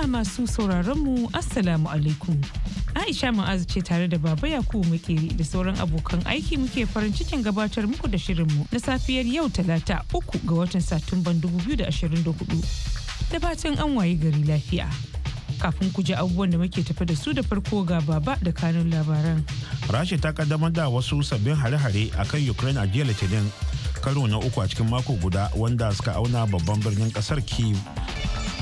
jama'a masu sauraronmu assalamu alaikum aisha ma'azu ce tare da baba yakubu muke da sauran abokan aiki muke farin cikin gabatar muku da shirinmu na safiyar yau talata uku ga watan satumban 2024 da fatan an waye gari lafiya kafin ku ji abubuwan da muke tafi da su da farko ga baba da kanun labaran rasha ta kaddamar da wasu sabbin hare-hare akan ukraine a jiya litinin karo na uku a cikin mako guda wanda suka auna babban birnin kasar kiev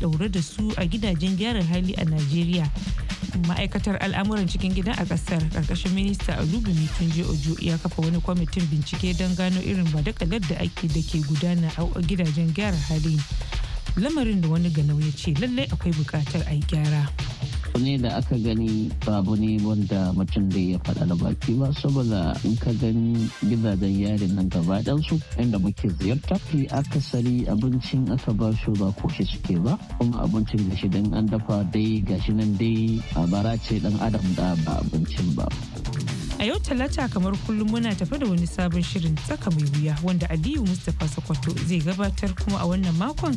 ɗaure da su a gidajen gyaran hali a Najeriya. ma'aikatar al'amuran cikin gida a kasar ƙarƙashin minista alubumi je ojo ya kafa wani kwamitin bincike don gano irin badakalar da ake da ke gudana a gidajen gyara hali lamarin da wani ganau ya ce lallai akwai bukatar a yi gyara. ne da aka gani babu ne wanda mutum da ya faɗa da baki ba saboda in ka gani gidajen yari nan gaba ɗansu inda muke ziyarta fi akasari abincin aka ba shi ba koshi suke ba kuma abincin gashi dan an dafa dai gashi nan dai a bara ce dan adam da ba abincin ba. A yau talata kamar kullum muna tafe da wani sabon shirin tsaka mai wuya wanda Aliyu Mustapha Sokoto zai gabatar kuma a wannan makon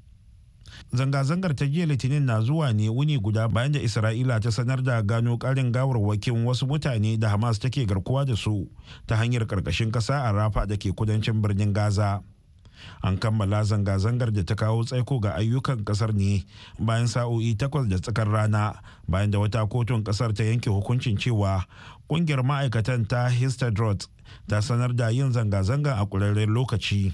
Zanga-zangar ta jiya Litinin na zuwa ne wuni guda bayan da Isra'ila ta sanar da gano ƙarin gawarwakin wasu mutane da Hamas take garkuwa da su ta hanyar karkashin ƙasa a Rafa da ke kudancin birnin Gaza. An kammala zanga-zangar da ta kawo tsaiko ga ayyukan kasar ne bayan sa'o'i takwas da tsakar rana bayan da wata kotun kasar ta yanke hukuncin cewa kungiyar ma'aikatan ta Histadrot ta sanar da yin zanga-zanga a kurarren lokaci.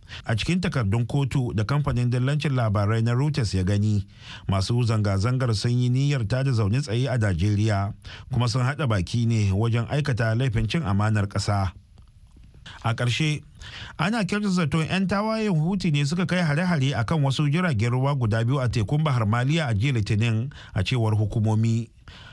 a cikin takardun kotu da kamfanin dillancin labarai na reuters ya gani masu zanga-zangar sun yi niyyar ta da zaune tsaye a najeriya kuma sun haɗa baki ne wajen aikata laifin cin amanar ƙasa a ƙarshe ana kyautata zaton 'yan tawayen huti ne suka kai hare-hare a kan wasu jiragen ruwa guda biyu a tekun bahar maliya a jiya litinin a cewar hukumomi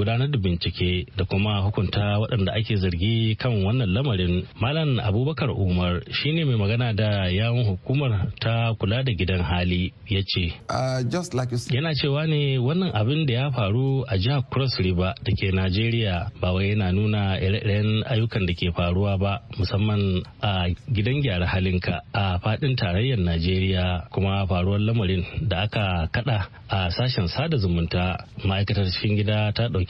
gudanar da bincike da kuma hukunta waɗanda ake zargi kan wannan lamarin malam abubakar umar shine mai magana da yawun hukumar ta kula da gidan hali ya ce uh, yana cewa ne wannan abin da ya faru a jihar cross river da ke najeriya ba wai yana nuna ire-iren ayyukan da ke faruwa ba musamman a gidan gyara halinka a fadin tarayyar najeriya kuma faruwar lamarin da aka kada a sashen sada zumunta ma'aikatar cikin gida ta ɗauki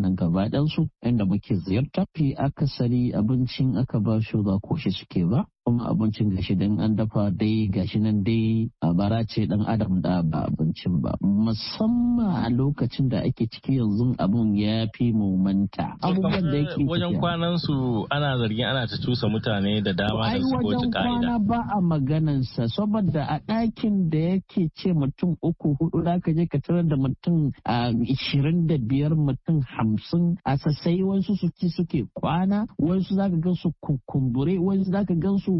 nan gaba ɗansu inda muke ziyarta fi akasari abincin aka ba shi ba koshi suke ba kuma abincin gashi dan an dafa dai gashi nan dai a bara ce dan adam da ba abincin ba musamman a lokacin da ake ciki yanzu abun ya fi mumanta abubuwan da yake wajen kwanan su ana zargin ana ta cusa mutane da dama da su wajen kwana ba a maganan sa saboda a dakin da yake ce mutum uku hudu zaka je ka tarar da mutum a ishirin da biyar mutum hamsin a sassai wasu ci suke kwana wasu zaka gan su kukumbure wasu zaka gan su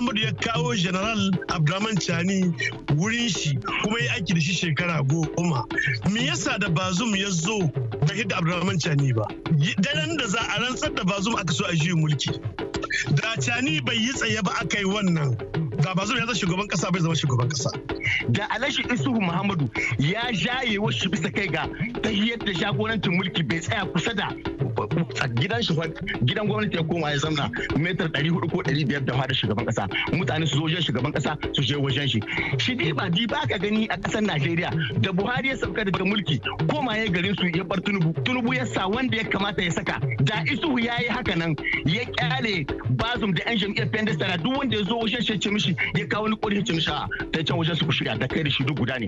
Muhammadu ya kawo General Abdulrahman Chani wurin shi kuma ya aiki da shi shekara goma. Me yasa da Bazum ya zo ba hidda Abdulrahman Chani ba? Daren da za a rantsar da Bazum aka so a juyin mulki. Da Chani bai yi tsaye ba aka yi wannan. Da Bazum ya zama shugaban kasa bai zama shugaban kasa. Da Alhaji Isuhu Muhammadu ya jaye wasu bisa kai ga ta yadda jagorancin mulki bai tsaya kusa da gidan shi gidan gwamnati ya koma ya zamna metar 400 ko 500 da fara shugaban kasa mutane su zo wajen shugaban kasa su je wajen shi shi dai ba di baka gani a kasar Najeriya da Buhari ya sauka daga mulki koma ya garin su ya bar Tunubu Tunubu ya sa wanda ya kamata ya saka da Isuhu ya yi haka nan ya kyale Bazum da yan jam'iyyar Pendestara duk wanda ya zo wajen shi ya ce mishi ya kawo ni kuri ya ce mishi a ta can wajen su ku shirya da kai da shi duk guda ne.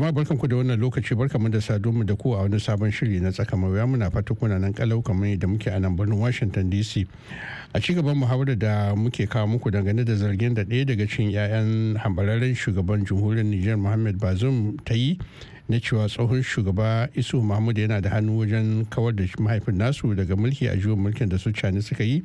jama'a barkanku da wannan lokaci mu da sadu mu da ku a wani sabon shiri na tsaka mawuya muna fata kuna nan kalau kamar da muke a nan birnin Washington DC. A ci gaban muhawarar da muke kawo muku dangane da zargin da ɗaya daga cikin 'ya'yan hambararren shugaban jamhuriyar niger Muhammad Bazoum ta yi na cewa tsohon shugaba Isu Mahmud yana da hannu wajen kawar da mahaifin nasu daga mulki a juyin mulkin da su cani suka yi.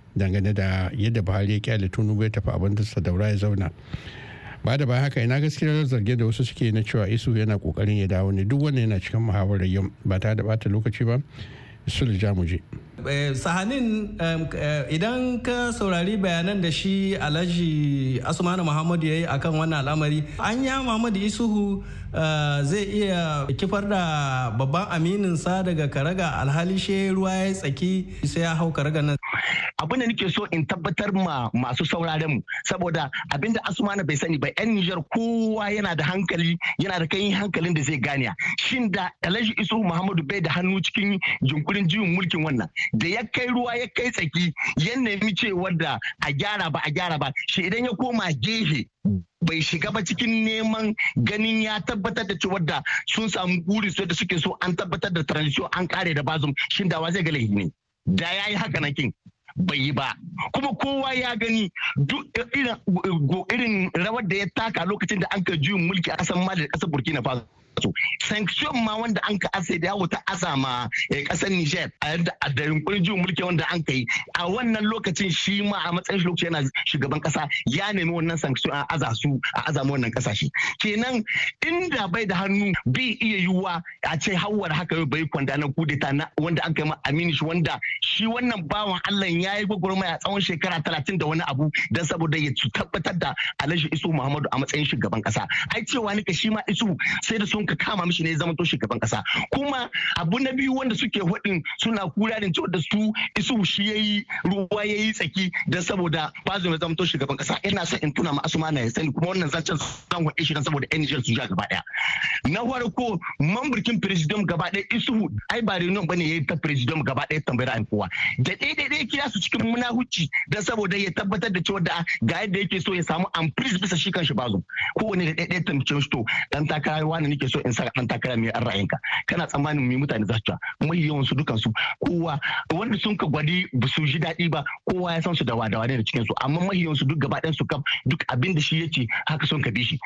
dangane da yadda buhari ya kyale tunubu ya tafi abin da daura ya zauna ba da ba haka ina gaskiyar zarge da wasu suke na cewa isu yana kokarin ya dawo ne duk wannan yana cikin muhawarar yau ba ta da bata lokaci ba da jamuje eh, sahanin eh, idan ka saurari bayanan da shi alhaji asmanu muhammadu ya yi akan wannan al'amari an ya muhammadu isuhu Eh, zai iya kifar da babban sa daga karaga alhali she ruwa ya tsaki sai ya hau karaga nan. Abin da nake so in tabbatar ma masu sauraren mu saboda abinda Asmana bai sani ba yan Nijar kowa yana da hankali yana da kai hankalin da zai gane shin da Alhaji Isu Muhammadu bai da hannu cikin jinkurin jiwon mulkin wannan da ya kai ruwa ya kai tsaki yan nemi cewar da a gyara ba a gyara ba shi idan ya koma gehe bai shiga ba cikin neman ganin ya tabbatar da cewa da sun samu guri su da suke so an tabbatar da transition an kare da bazum shin wa zai ga laifi ne da ya yi haka nakin bai yi ba kuma kowa ya gani duk irin rawar da ya taka lokacin da an ka juyin mulki a kasan mali da kasar burkina faso sanction ma wanda an ka asa da yawo ta asa ma kasar eh, Niger a yadda da yunkurin mulki wanda an kai a wannan lokacin shi ma a matsayin shi lokacin yana shugaban kasa ya nemi wannan sanction a aza su a aza wannan kasashe kenan inda bai da hannu bi iya yiwuwa a ce hawar haka yau bai kwanda na kudeta na wanda an kai ma Aminu shi wanda shi wannan bawan Allah ya yi gwagwarmaya tsawon shekara talatin da wani abu don saboda ya tabbatar da Alhaji Isu Muhammadu a matsayin shugaban kasa ai cewa nika shi ma Isu sai da sun sun ka kama mishi ne zama to shugaban kasa kuma abu na biyu wanda suke hudin suna kura da cewa da su isu shi yayi ruwa yayi tsaki da saboda bazum ya zama to shugaban kasa ina sa in tuna ma asuma na sani kuma wannan zancen zan hudin shi dan saboda NGL su ja gaba daya na farko mamburkin president gaba daya isu ai ba reunion bane yayi ta president gaba daya tambayar an kowa da dai dai kira su cikin munahuci da saboda ya tabbatar da cewa da ga yadda yake so ya samu amprise bisa shi kanshi bazum kowane da dai tambayar shi to dan takarawa ne nake so in sa dan takara mai an ra'ayinka kana tsammanin mai mutane za su ta mai su dukan su kowa wanda sun ka gwadi ba su ji daɗi ba kowa ya san su da wadawa da cikin su amma mai yawan su duk gaba ɗayan su kam duk abin da shi yake haka sun ka bi shi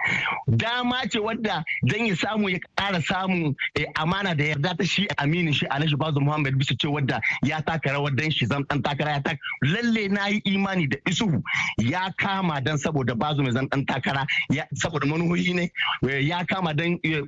dama ce wadda dan ya samu ya ƙara samu eh, amana da yarda ta shi aminin shi a nashi Bazu Muhammad bisa ce wadda ya taka rawar dan shi zan dan takara ya taka lalle na yi imani da isuhu ya kama dan saboda Bazu mai zan dan takara saboda manuhoyi ne eh, ya kama dan eh,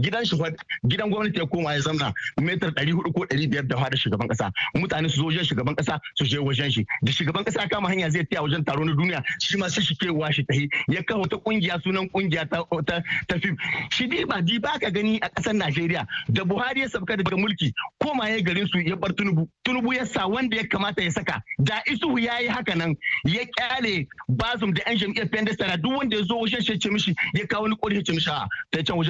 gidan shi gidan gwamnati ya koma ya zamna metar 400 ko 500 da fada shugaban kasa mutane su zo wajen shugaban kasa su je wajen shi da shugaban kasa kama hanya zai a wajen taro na duniya shi ma sai shi kewa shi tahi ya kawo ta kungiya sunan kungiya ta ta fim shi dai ba di ba ka gani a kasar Najeriya da Buhari ya sabka daga mulki koma ya garin su ya bar Tunubu Tunubu ya sa wanda ya kamata ya saka da ya yayi haka nan ya kyale Bazum da yan jam'iyyar Pendestara duk wanda ya zo wajen shi ya ce mishi ya kawo ni kori ya ce mishi a ta can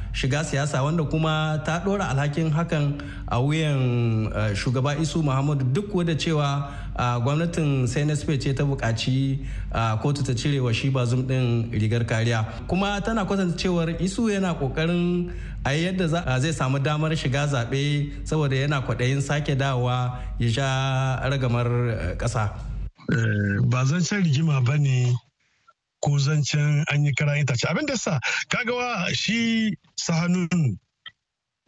shiga siyasa wanda kuma ta ɗora alhakin hakan a wuyan eh, shugaba isu muhammadu duk wadda cewa ah, gwamnatin cnsp ce ta buƙaci ah, kotu ta cire wa shi bazum ɗin rigar kariya kuma tana kwatanta cewar isu yana ƙoƙarin a yadda ah, zai samu damar shiga zaɓe saboda yana kwaɗayin sake dawowa ya sha ragamar eh, ƙasa. Eh, ba zan rigima ba ne ko zancen an yi karan itace abin da sa kaga kagawa shi sahanun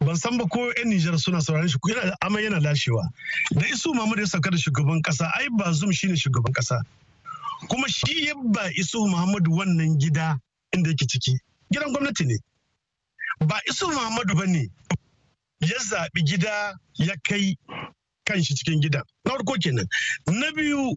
ban san ba ko yan Nijar suna sauraron shi yana amma yana lashewa da isu Muhammad ya sauka da shugaban kasa ai ba zum shine shugaban kasa kuma shi ya ba isu Muhammad wannan gida inda yake ciki gidan gwamnati ne ba isu Muhammadu ba ne ya zaɓi gida ya kai kan shi cikin gida na farko kenan na biyu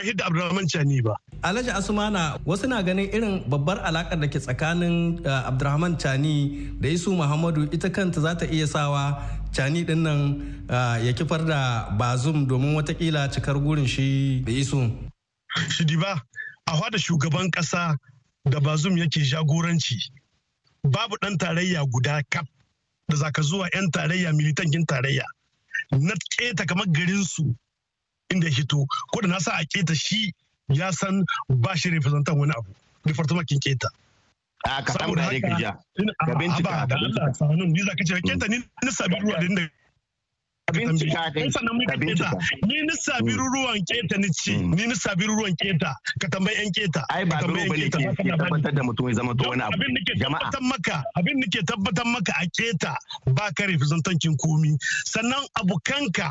ban hidda Abdurrahman Chani ba. Alhaji Asumana wasu na ganin irin babbar alakar da ke tsakanin eh, Abdurrahman Chani da Isu Muhammadu ita kanta za ta iya sawa Chani din nan eh, ya kifar da Bazum domin watakila cikar gurin shi da Isu. Shidi ba, a hada shugaban kasa da Bazum yake jagoranci. Babu dan tarayya guda kaf da zaka zuwa 'yan tarayya militankin tarayya. Na keta kamar garinsu inda ya hito ko da na sa a keta shi ya san ba shi representan wani abu department kin keta a ka samu da ka ja ka bincika da Allah ni za ce keta ni mm. na sabi ruwa din da ni bincika kai ni sabi mm. ruwan keta ni ci mm. ni na sabi ruwan keta ka tambayi yan keta ai ba ruwa bane ke tabbatar da mutum ya zama to wani abu jama'a abin maka abin nake tabbatar maka a keta ba ka representan kin komi sannan abokanka.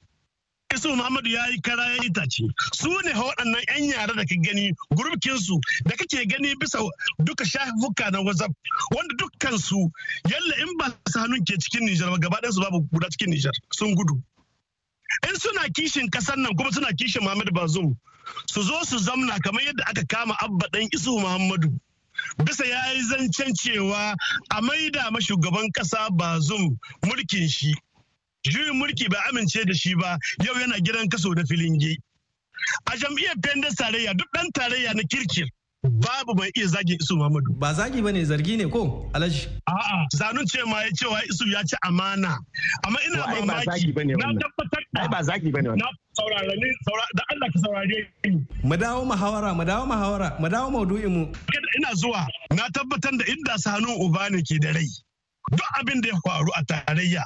isu muhammadu ya yi kara ya itace su ne waɗannan 'yan yara da ka gani gurbikinsu da kake gani bisa duka shafuka na whatsapp wanda dukkansu yalla in ba su hannun ke cikin nijar ba gaba su babu guda cikin nijar sun gudu in suna kishin kasar nan kuma suna kishin muhammadu bazum su zo su zamna kamar yadda aka kama abba ɗan isu muhammadu bisa ya yi zancen cewa a maida mashugaban kasa bazum mulkin shi juyin mulki bai amince da shi ba yau yana gidan kaso da gi. a jam'iyyar pendas tarayya duk dan tarayya na kirkir babu mai iya zagin isu Muhammadu. Ba zagi ba ne zargi ne ko alaji? A'a zanun ce ma ya cewa isu ya ci amana. Amma ina mamaki na tabbatar da. Ai ba zagi bane wannan. saurare ni da Allah ka saurare ni. Mu dawo muhawara mu dawo muhawara mu dawo maudu'in mu. Ina zuwa na tabbatar da inda sanu uba ne ke da rai. Duk abin da ya faru a tarayya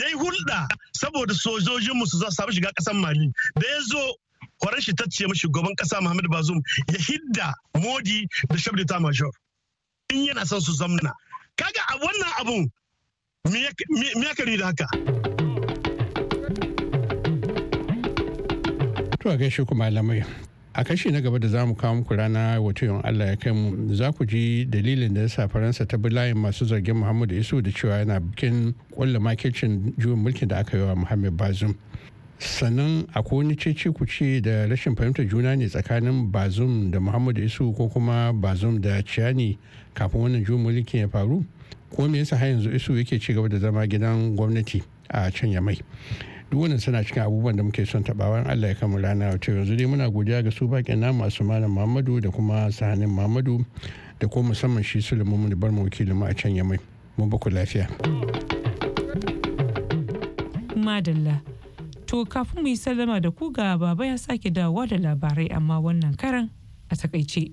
ya yi hulɗa saboda sojojinmu su za su shiga ƙasar mali da ya zo kwaran shi tacce mashi shugaban ƙasa muhammadu bazum ya hidda modi da shabda ta major in yana son su zamna kaga a wannan abun me ya da haka to a gaishe kuma malamai a kashi na gaba da za mu kawo muku rana wato yawan allah ya kai mu za ku ji dalilin da yasa faransa ta bi layin masu zargin muhammadu isu da cewa yana bikin kulle makircin juyin mulkin da aka yi wa muhammad bazum sannan akwai wani cece ku ce da rashin fahimtar juna ne tsakanin bazum da muhammadu isu ko kuma bazum da ciyani kafin wannan juyin mulkin ya faru ko me yasa har yanzu isu yake ci gaba da zama gidan gwamnati a can ya mai. duk suna cikin abubuwan da muke son tabawan Allah ya kama rana wato yanzu dai muna godiya ga su bakin nan masu malam Muhammadu da kuma sahanin Muhammadu da kuma musamman shi Sulaiman da bar mu wakilin mu a can Yamai mun baku lafiya madalla to kafin mu yi sallama da ku ga baba ya sake dawowa da labarai amma wannan karan a takaice.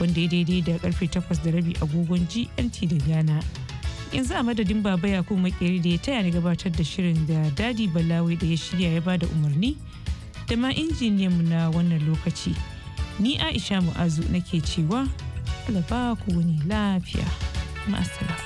wanda ya daidai da karfe takwas da rabi agogon GMT da Ghana. Yanzu a madadin Baba Yakubu Makeri da ya taya ni gabatar da shirin da Dadi Balawi da ya shirya ya bada umarni da ma injiniyan mu na wannan lokaci. Ni Aisha Mu'azu nake cewa, Allah ba wani lafiya. Ma'asala.